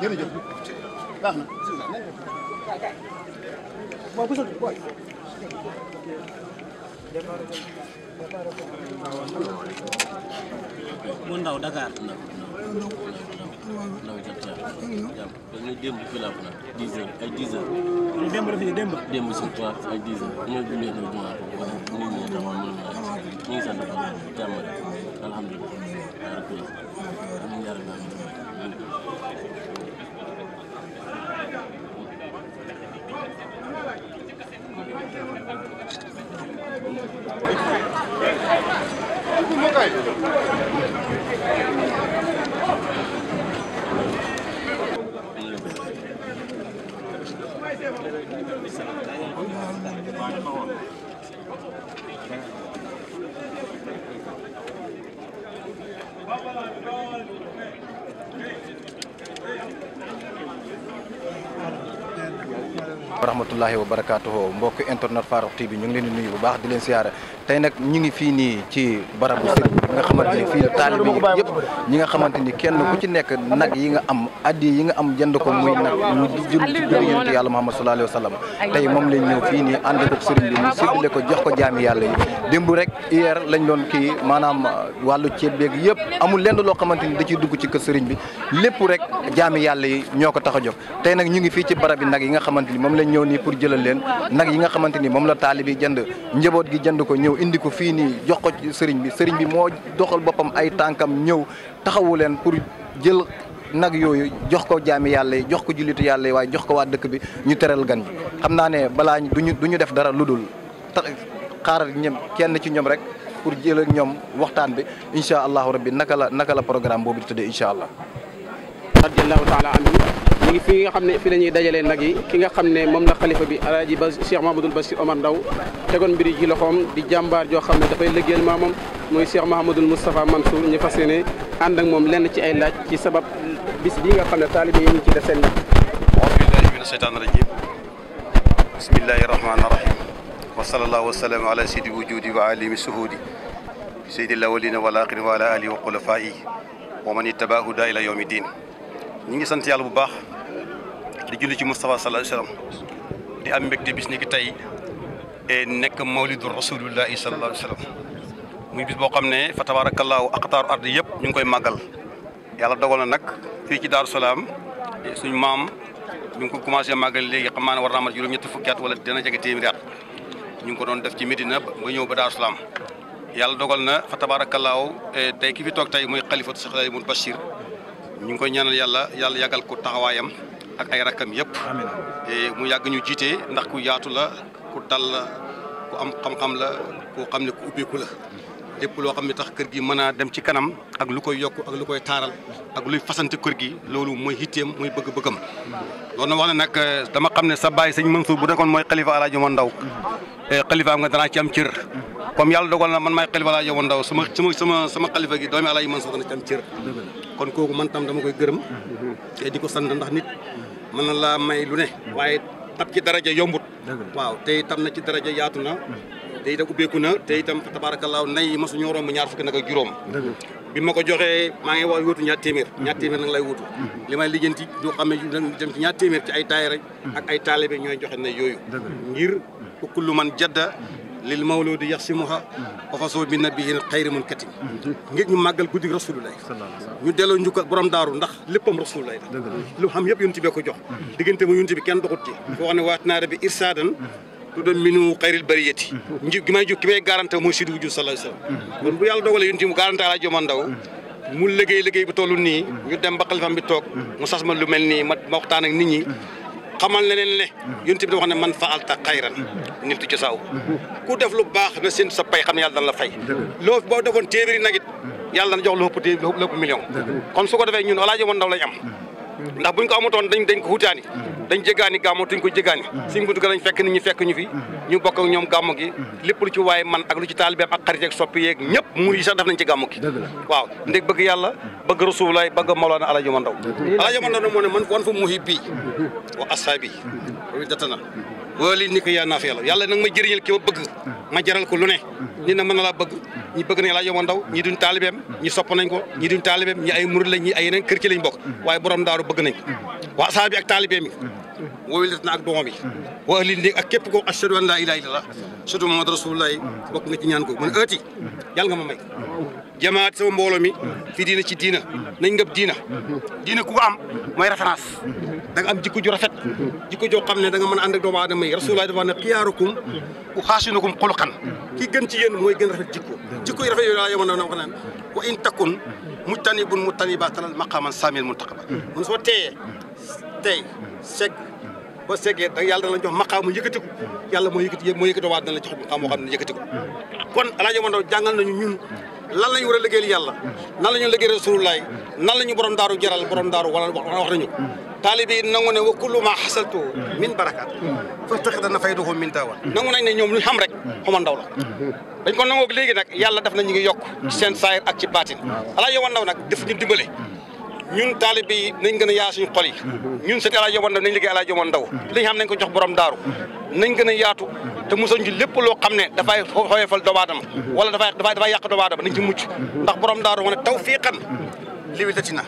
jërëjëf ndaw Dakar. ndaw ndaw jàpp dañu démb fi laa ko nag dix heures ay dix heures. démb la fi démb. démb si ay dix heures ñoo jullee na jumaa ko nit ñi dama ñu ngi sant bu baax jàmm rek alhamdulilah Thank you. wa rahmatullahi wa barakatuhu mbokk internet Farokh TV ñu ngi leen di nuyu bu baax di leen siyaare tey nag ñu ngi fii nii ci barabu sëriñ bi nga xamante fii la taalibe yëpp ñi nga xamante ni kenn ku ci nekk nag yi nga am addi yi nga am jënd ko muy nag yàlla Muhammad sallallahu alayhi wa sallam tey moom lañ ñëw fii nii ànd ko sëriñ bi mu ko jox ko jaami yàlla yi démb rek hier lañ doon kii maanaam wàllu ceeb beeg yëpp amul lenn loo xamante ni da ciy dugg ci kër sëriñ bi lépp rek jaami yàlla yi ñoo ko tax a jóg tey nag ñu ngi fii ci barab yi nag yi nga xamante ni moom lañ ñëw nii pour jëlal leen nag yi nga xamante ni moom la taalibe yi jënd njaboot gi jënd ko ñëw indi ko fii nii jox ko sëriñ bi sëriñ bi moo doxal boppam ay tànkam ñëw taxawu leen pour jël nag yooyu jox ko jaami yàlla yi jox ko jullitu yàlla yi waaye jox ko waa dëkk bi ñu teral gan ñi xam naa ne balaa ñu du ñu def dara lu dul xaaral ñoom kenn ci ñoom rek pour jël ak ñoom waxtaan bi incha allahu rabbi naka la naka la programme boobu di tëddee incha allah. radiyallahu taala anhu ñu ngi fii nga xam ne fi la ñuy dajalee nag yi ki nga xam ne moom la xalifa bi alaaji ba Cheikh Mahamadul Basir Omar Ndaw tegoon mbiri ci loxoom di jàmbaar joo xam ne dafay liggéeyal maamam muy Cheikh Mahamadul Moustapha Mansour ñu fas yéene ànd ak moom lenn ci ay laaj ci sabab bis bi nga xam ne taalibe yi ñu ci def seen nag aousubillahi mina sheytaan rajim bismillahi rahmani rahim wa sallallahu wa sallam ala sidi wujudi wa alimi suhudi seydi lawalina wal aaxirin wa ala alihi wa xulafaayi wa man ittaba huda ila yawmi din ñi ngi sant yàlla bu baax di julli ci Moustapha sallallahu alayhi wa sallam di am mbégte bis ni ki tey e nekk mawlidu rasulillahi sallallahu alayhi wa muy bis boo xam ne fa tabaarakallaahu aqtaaru ardi yëpp ñu ngi koy màggal yàlla dogal na nag fii ci Daaru Salaam suñu maam ñu ngi ko màggal léegi xam naa ne war naa mat juróom-ñetti wala dina jege téeméeri at ñu ngi ko doon def ci Medina ba ñëw ba Daaru Salaam yàlla dogal na fa tabaarakallaahu e tey ki fi toog tey mooy xalifatu Seex Aliyu Bachir ñu ngi koy ñaanal yàlla yàlla yàggal ko taxawaayam ak ay rakkam yëpp mu yàgg ñu jiite ndax ku yaatu la ku dal la ku am xam-xam la ku xam ne ku ubbeeku la lépp loo xam ne tax kër gi mën a dem ci kanam ak lu koy yokk ak lu koy taaral ak luy fasante kër gi loolu mooy hitteem mooy bëgg-bëggam loolu na wax ne nag eh, dama xam ne sa baay sëñ Mansour bu nekkoon mooy kalifa alaaji ma ndaw xalifaam nga danaa ci am cër comme yàlla dogal na man maay xalifa ndaw sama sama sama sama xalifa gi doomi alaaji Mansour dana ci am cër kon kooku man tam dama koy gërëm te di ko sant ndax nit mën na laa may lu ne waaye tab ci daraja yombut waaw te itam na ci daraja yaatu na te itam ubbeeku na te itam tabaarakallaahu nay ma suñu romb ñaar fukki nag ak juróom bi ma ko joxe maa ngi wax wutu ñaar téeméer ñaar téeméer nag lay wutu li may lijjanti doo xam ne dem ci ñaar téeméer ci ay daayira ak ay taalibe ñooy joxe na yooyu ngir ukkullu man jadda للمولود يقسمها وفصول من نبيه القير من كتيم نجد من مقال قدي رسول الله ندلو نجوك برام دارو نخ لبم رسول الله لو هم يب ينتبه كجوه لكن تمو ينتبه كان دقوتي وغاني واتنا ربي إرسادا تودن منو قير البريتي نجيب كما يجو كما يقارن تمو سيد وجو صلى الله عليه وسلم من بيال دوغل ينتبه قارن تعالى جمان دو مول لغي لغي بطولوني يدن بقل فان بطوك مساس من لملني مقتان نيني xamal ne leen ne yonent bi wax ne man faalta xayran nil tu jazaahu ku def lu baax na seen sa pay xam yàlla dana la fay loo boo defoon téeméeri nag it yàlla dana jox lu ëpp téeméeri lu ëpp million kon su ko defee ñun alaaji woon ndaw lañ am ndax buñ ko amutoon dañ dañ ko xutaani dañ jëgaani gàmmu tuñ ko jëgaani suñ buntu ga lañ fekk nit ñi fekk ñu fi ñu bokk ak ñoom gàmmu gi lépp lu ci waaye man ak lu ci taalibeem ak xarit ak soppi yeeg ñëpp mur yi sax def nañ ci gàmmu gi waaw ndég bëgg yàlla bëgg rasulullaay bëgg mawlaana alaaji ma ndaw alaaji ma ndaw moo ne man wan fa muhibbi wa ashaabi wali ni ko yaa naa fi yàlla yàlla nag ma jëriñal ki ma bëgg ma jaral ko lu ni na mën na laa bëgg ñi bëgg nañ laa yoma ndaw ñi duñ taalibeem ñi sopp nañ ko ñi duñ taalibeem ñi ay murid lañ ñi ay yeneen kër ci lañ bokk waaye borom daaru bëgg nañ waa saa bi ak taalibeem yi wooyu na ak doomam yi wa ahli ni ak képp ko ashhadu an laa ilaaha illallah surtout Muhammad rasulullah bokk nga ci ñaan ko mën aati yàlla nga ma may jamaat sama mbooloo mi fii diina ci diina nañ ngëb diina diina ku ko am mooy référence da nga am jikko ju rafet jikko joo xam ne danga nga mën a ànd ak doomu aadama yi rasulullah dafa ne xiyaarukum u xaasinukum xuluqan kii gën ci yéen mooy gën rafet jikko jikko yi rafet yooyu laa yemoon na wax naan wa in takun mujtanibun mujtaniba talal maqaman saamil muntaqaba mun soo teeyee tey seg boo seggee da yàlla dana la jox maqaamu yëkkatiku yàlla moo yëkkati moo yëkkati waat dana la jox maqaam moo xam ne yëkkatiku kon alaa jamono jàngal nañu lan la ñu war a liggéeyal yàlla nan la ñu liggéey rasulullaay nan la ñu borom daaru jaral borom daaru wala wax nañu taalibe yi nangu ne wa kullu ma xasaltu min barakat fastaxi dana fayduhu min tawan nangu nañ ne ñoom lu xam rek xoma ndaw la dañ ko nangoog léegi nag yàlla daf na ñu ngi yokk seen saayir ak ci baatin ala yow ndaw nag def dibale ñun taalibe yi nañ gën a yaa suñu xol yi ñun sëti Alaaji Omar Ndaw nañ liggéey Alaaji Omar Ndaw li ñu xam nañ ko jox borom daaru nañ gën a yaatu te musal ñu lépp loo xam ne dafay xoyofal doomu aadama wala dafay dafay yàq doomu aadama nañ ci mucc ndax borom daaru moo ne tawfiiqan liwi tatina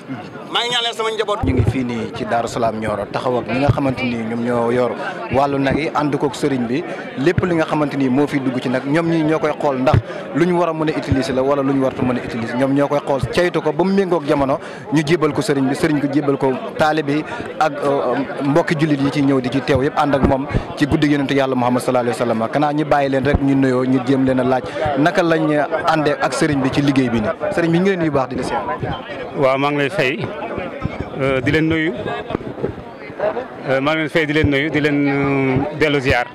maa ngi sama njaboot. ñu ngi fii nii ci Darou Salaam Nioro taxaw ak nga xamante ni ñoom ñoo yor wàllu nag yi ànd koog sëriñ bi lépp li nga xamante ni moo fi dugg ci nag ñoom ñii ñoo koy xool ndax lu ñu war a mën la wala lu ñu wartu mën a ñoom ñoo koy xool ceytu ko ba mu méngoog jamono ñu jébal ko sëriñ bi sëriñ ko jébal ko taalibe yi ak uh, mbokki jullit yi ci ñëw di ci teew yëpp ànd ak moom ci guddi yonente yàlla Muhammad sallallahu alayhi wa sallam kanaa ñu bàyyi leen rek ñu nuyoo ñu jéem leen a laaj naka lañ àndee ak sëriñ bi ci liggéey bi ni sëriñ bi ñu baax di la Euh, di leen nuyu euh, ma ngi leen di leen nuyu di leen euh, dellu ziar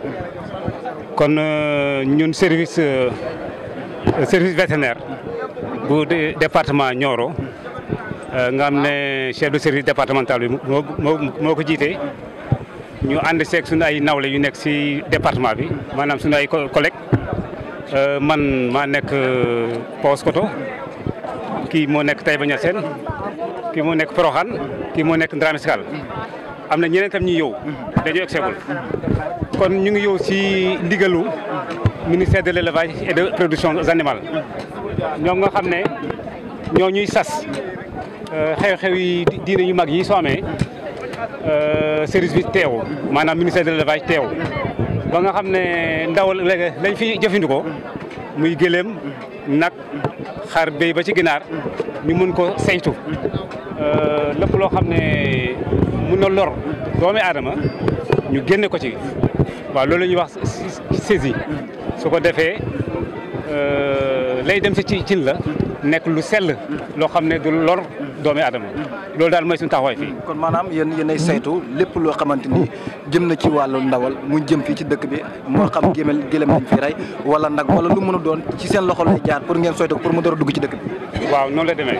kon ñun service service vétérinaire bu département Nioro nga xam ne chef de service départemental bi moo ko jiite ñu ànd seeg suñu ay nawle yu nekk si département bi maanaam suñu ay collègues man maa nekk Paoskoto kii moo nekk Taïba Niassène kii moo nekk Poroxaan kii moo nekk Ndramé Sakal am na ñeneen tam ñuy yow dañoo egseegul kon ñu ngi yow si ndigalu ministère de l' élevage et de production animale ñoom nga xam ne ñoo ñuy sas euh, xew-xew yi diine yu mag yi soo amee euh, service bi teew maanaam ministère de l' élevage teew ba nga xam ne ndawal léegi lañ fi jëfandikoo muy gëléem nag xar béy ba ci ginaar ñu mën ko saytu Euh, lépp loo xam ne mun na lor doomi aadama ñu génne ko ci waaw loolu la ñuy wax saisie su ko defee euh, lay dem si ci cin la nekk lu sell loo xam ne du lor doomi aadama loolu daal mooy suñu taxawaay fii. kon maanaam yéen yéenay saytu lépp loo xamante ni jëm na ci wàllu ndawal mu jëm fii ci dëkk bi moo xam gémel gélem lañ fi rey wala nag wala lu mën a doon ci seen loxo lay jaar pour ngeen saytu pour mu door dugg ci dëkk bi. waaw noonu la demee.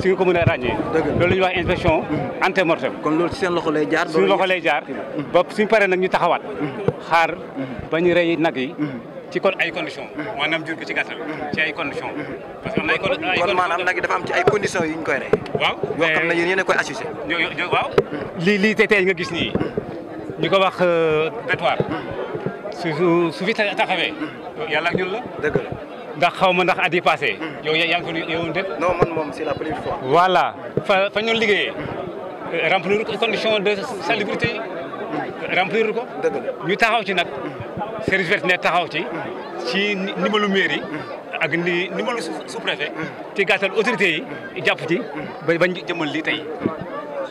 suñu ko mënee ràññee loolu ñu wax inspection mm-hmm. ante mortem kon loolu ci seen loxo lay jaar suñu loxo lay jaar mm-hmm. ba suñu paree nag ñu taxawaat mm-hmm. xaar ba ñu rey nag yi ci kon ay condition maanaam jur bi ci gàttal ci ay condition parce que am na ay am ci ay conditions yu ñu koy rey waaw yoo xam ne yéen yéen a koy assurer waaw lii lii te tey nga gis nii ñu ko wax bétoir euh, su su fi taxawee yàlla ak la dëgg ndax xaw ma ndax at yi passé yow yaa ngi ko moom c'est la première fois voilà fa fa ñoon liggéeyee remplir condition de salubrité remplir ko ñu taxaw ci nag service vétérinaire taxaw ci si ndimbalu mairie ak ni ndimbalu sous-préfet mm. ci gàttal autorité yi jàpp ci mm. ba bañ jëmal lii tey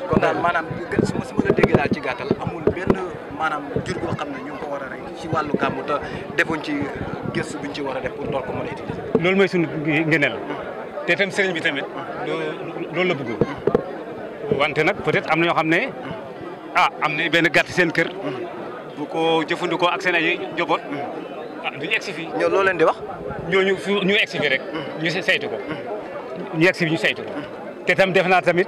kon daal maanaam su ma su ma la déggee daal ci gàttal amul benn maanaam jur boo xam ne ñu ngi ko war a rey wàllu gàmmu te defuñ ci uh, gëstu buñ ci war a def pour door ko mën a utiliser. loolu mooy suñu ngëneel hmm. te tam sëriñ bi tamit hmm. loolu la bëgg hmm. wante nag peut-être am na ñoo xam ne ah, am na benn gàtt seen kër. bu ko jëfandikoo ak seen ay njaboot. ah du ñu egsi loo leen di wax. ñooñu ñu egsi ñu saytu ko. ñu egsi ko. te tam def naa tamit.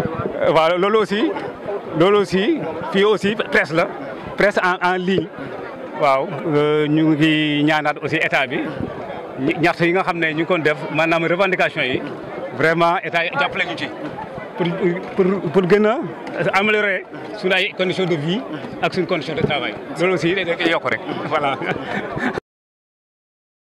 voilà euh, loolu aussi loolu aussi fii aussi presse la presse en en ligne waaw euh, ñu ngi ñaanaat aussi état bi ñaxtu yi nga xam ne ñu kon koon def maanaam revendication yi vraiment état yi jàppale ñu ci pour pour pour gën a améliorer suñu ay conditions de vie ak suñu condition de travail loolu aussi dañ koy yokk rek